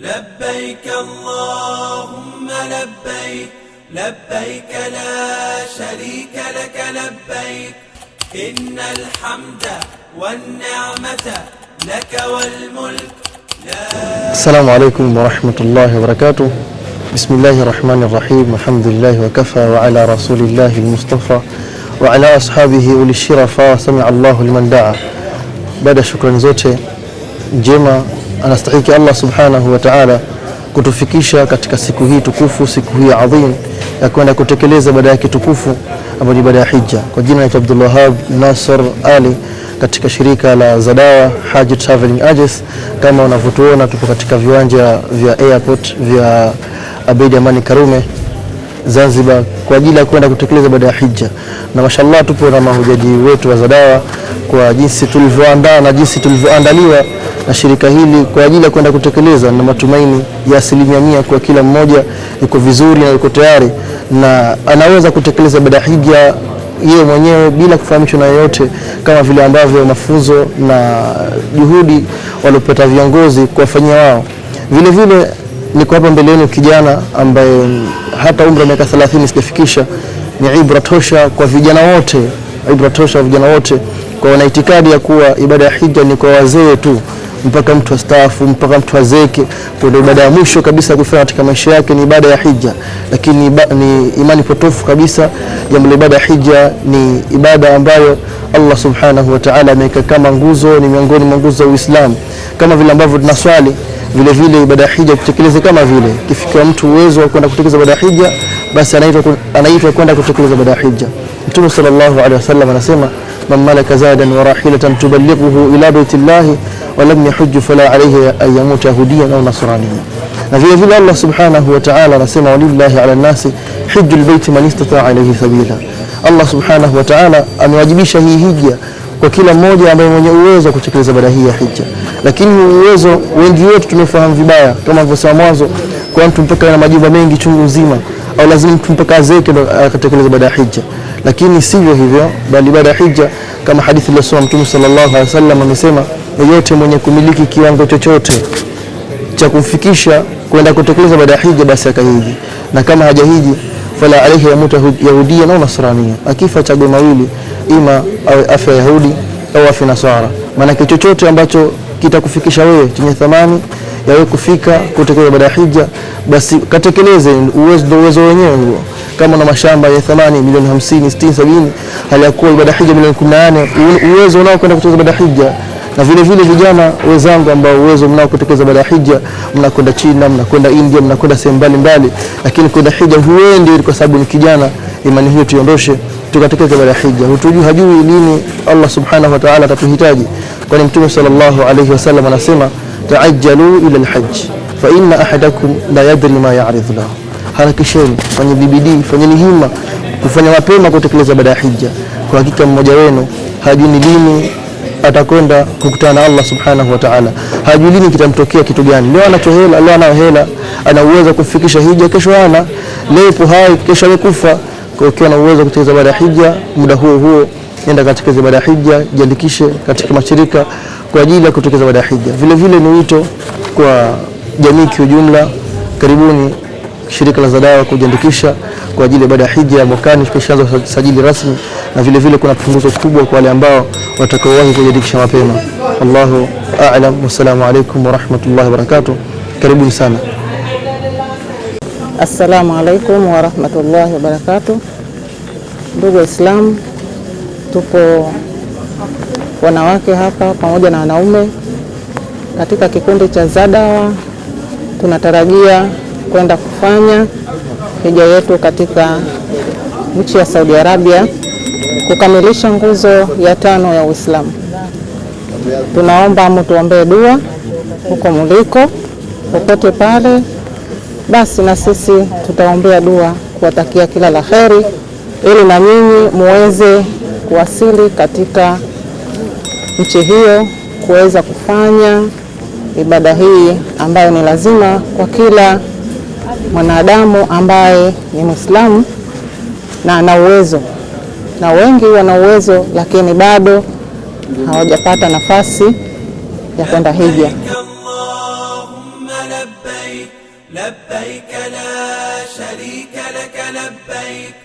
لبيك اللهم لبيك لبيك لا شريك لك لبيك إن الحمد والنعمة لك والملك لا السلام عليكم ورحمة الله وبركاته بسم الله الرحمن الرحيم الحمد لله وكفى وعلى رسول الله المصطفى وعلى أصحابه أولي الشرفاء سمع الله لمن دعا بعد شكرا زوجة جيما anastahiki Allah subhanahu wa ta'ala kutufikisha katika siku hii tukufu, siku hii adhim ya kwenda kutekeleza baada yake tukufu ambayo ni ibada ya hija. Kwa jina naitwa Abdul Wahab Nasr Ali katika shirika la Zadawa Haji Traveling Ages. Kama unavyotuona, tupo katika viwanja vya airport vya Abeid Amani Karume. Zanzibar kwa ajili ya kwenda kutekeleza ibada ya hija, na mashallah tupo na mahujaji wetu wa Zadawa kwa jinsi tulivyoandaa na jinsi tulivyoandaliwa na shirika hili kwa ajili ya kwenda kutekeleza, na matumaini ya asilimia mia kwa kila mmoja yuko vizuri na yuko tayari na anaweza kutekeleza ibada ya hija yeye mwenyewe bila kufahamishwa na yeyote, kama vile ambavyo mafunzo na juhudi waliopata viongozi kuwafanyia wao vilevile niko hapa yenu kijana ambaye hata umri wa miaka 30 sijafikisha, ni ibra tosha kwa vijana wote, ibra tosha kwa vijana wote, kwa wana itikadi ya kuwa ibada ya hija ni kwa wazee tu mpaka mtu astaafu mpaka mtu azeke, ndio ibada ya mwisho kabisa kufanya katika maisha yake ni ibada ya hija. Lakini iba, ni imani potofu kabisa jambo la ibada ya hija. Ni ibada ambayo Allah subhanahu wa ta'ala ameweka kama nguzo, ni miongoni mwa nguzo za Uislamu, kama vile ambavyo tunaswali vile vile ibada ya hija kutekeleza kama vile kifikia mtu uwezo wa kwenda kutekeleza ibada ya hija, basi anaitwa kwenda kutekeleza ibada ya hija. Mtume sallallahu alaihi wasallam anasema man malaka zadan wa rahilatan tuballighuhu ila baiti baitillahi wa lam yahujju fala alayhi an yamuta yahudiyan au nasrani. Na vile vile Allah subhanahu wa ta'ala anasema walillahi ala nasi hujju baiti man istata'a ilayhi sabila. Allah subhanahu wa ta'ala amewajibisha hii hija kwa kila mmoja ambaye mwenye uwezo wa kutekeleza ibada hii ya hija. Lakini uwezo wengi wetu tumefahamu vibaya, kama alivyosema mwanzo, kwa mtu mpaka ana majumba mengi chungu nzima, au lazima mtu mpaka azeke ndo akatekeleza ibada ya hija, lakini sivyo hivyo, bali ibada ya hija kama hadithi iliyosoma Mtume sallallahu alaihi wasallam amesema, yeyote mwenye kumiliki kiwango chochote cha kumfikisha kwenda kutekeleza ibada ya hija, basi akahiji, na kama hajahiji, fala alaihi yamuta yahudia na nasrania, akifa chague mawili ima awe afya ya Yahudi au afya Nasara, maanake chochote ambacho kitakufikisha wewe chenye thamani ya wewe kufika kutekeleza ibada ya hija, basi katekeleze, ndo uwezo wenyewe huo. Kama una mashamba ya thamani milioni 50, 60, 70, hali ya kuwa ibada hija milioni 18, uwezo unao kwenda kutekeleza ibada hija na vile vile vijana wenzangu ambao uwezo mnao kutekeleza ibada ya hija, mnakwenda China, mnakwenda India, mnakwenda sehemu mbalimbali, lakini kwenda hija huendi kwa sababu ni kijana. Imani hiyo tuiondoshe tukatekeleza ibada ya hija. Hutujui hajui lini Allah subhanahu wa ta'ala atatuhitaji, kwani Mtume sallallahu alayhi wasallam anasema taajjalu ila alhajj fa inna ahadakum la yadri ma ya'ridhu lahu, harakisheni, fanye bidii, fanyeni hima kufanya mapema kutekeleza ibada ya hija. Kwa hakika mmoja wenu hajui ni lini atakwenda kukutana na Allah subhanahu wa ta'ala, hajui lini kitamtokea kitu gani. Leo hela, leo ana hela, ana uwezo kufikisha hija, kesho ana, leo hai, kesho amekufa. Kwa ukiwa na uwezo wa kutekeleza ibada ya hija, muda huo huo nenda katika ibada ya hija, jiandikishe katika mashirika kwa ajili ya kutekeleza ibada ya hija. Vile vile ni wito kwa jamii kiujumla, karibuni shirika la Zadawa kujiandikisha kwa ajili ya ibada ya hija mwakani, tukishaanza sajili rasmi, na vile vile kuna punguzo kubwa kwa wale ambao watakaowahi kujiandikisha mapema. Allahu a'lam. Wassalamu alaykum wa rahmatullahi wa barakatuh. Karibuni sana. Assalamu alaikum warahmatullahi wabarakatuh. Ndugu Waislamu, tupo wanawake hapa pamoja na wanaume katika kikundi cha Zadawa. Tunatarajia kwenda kufanya hija yetu katika nchi ya Saudi Arabia kukamilisha nguzo ya tano ya Uislamu. Tunaomba mtuombee dua huko muliko popote pale basi na sisi tutaombea dua kuwatakia kila la heri, ili na nyinyi muweze kuwasili katika nchi hiyo kuweza kufanya ibada hii ambayo ni lazima kwa kila mwanadamu ambaye ni Mwislamu na ana uwezo, na wengi wana uwezo lakini bado hawajapata nafasi ya kwenda hija. لبيك لا شريك لك لبيك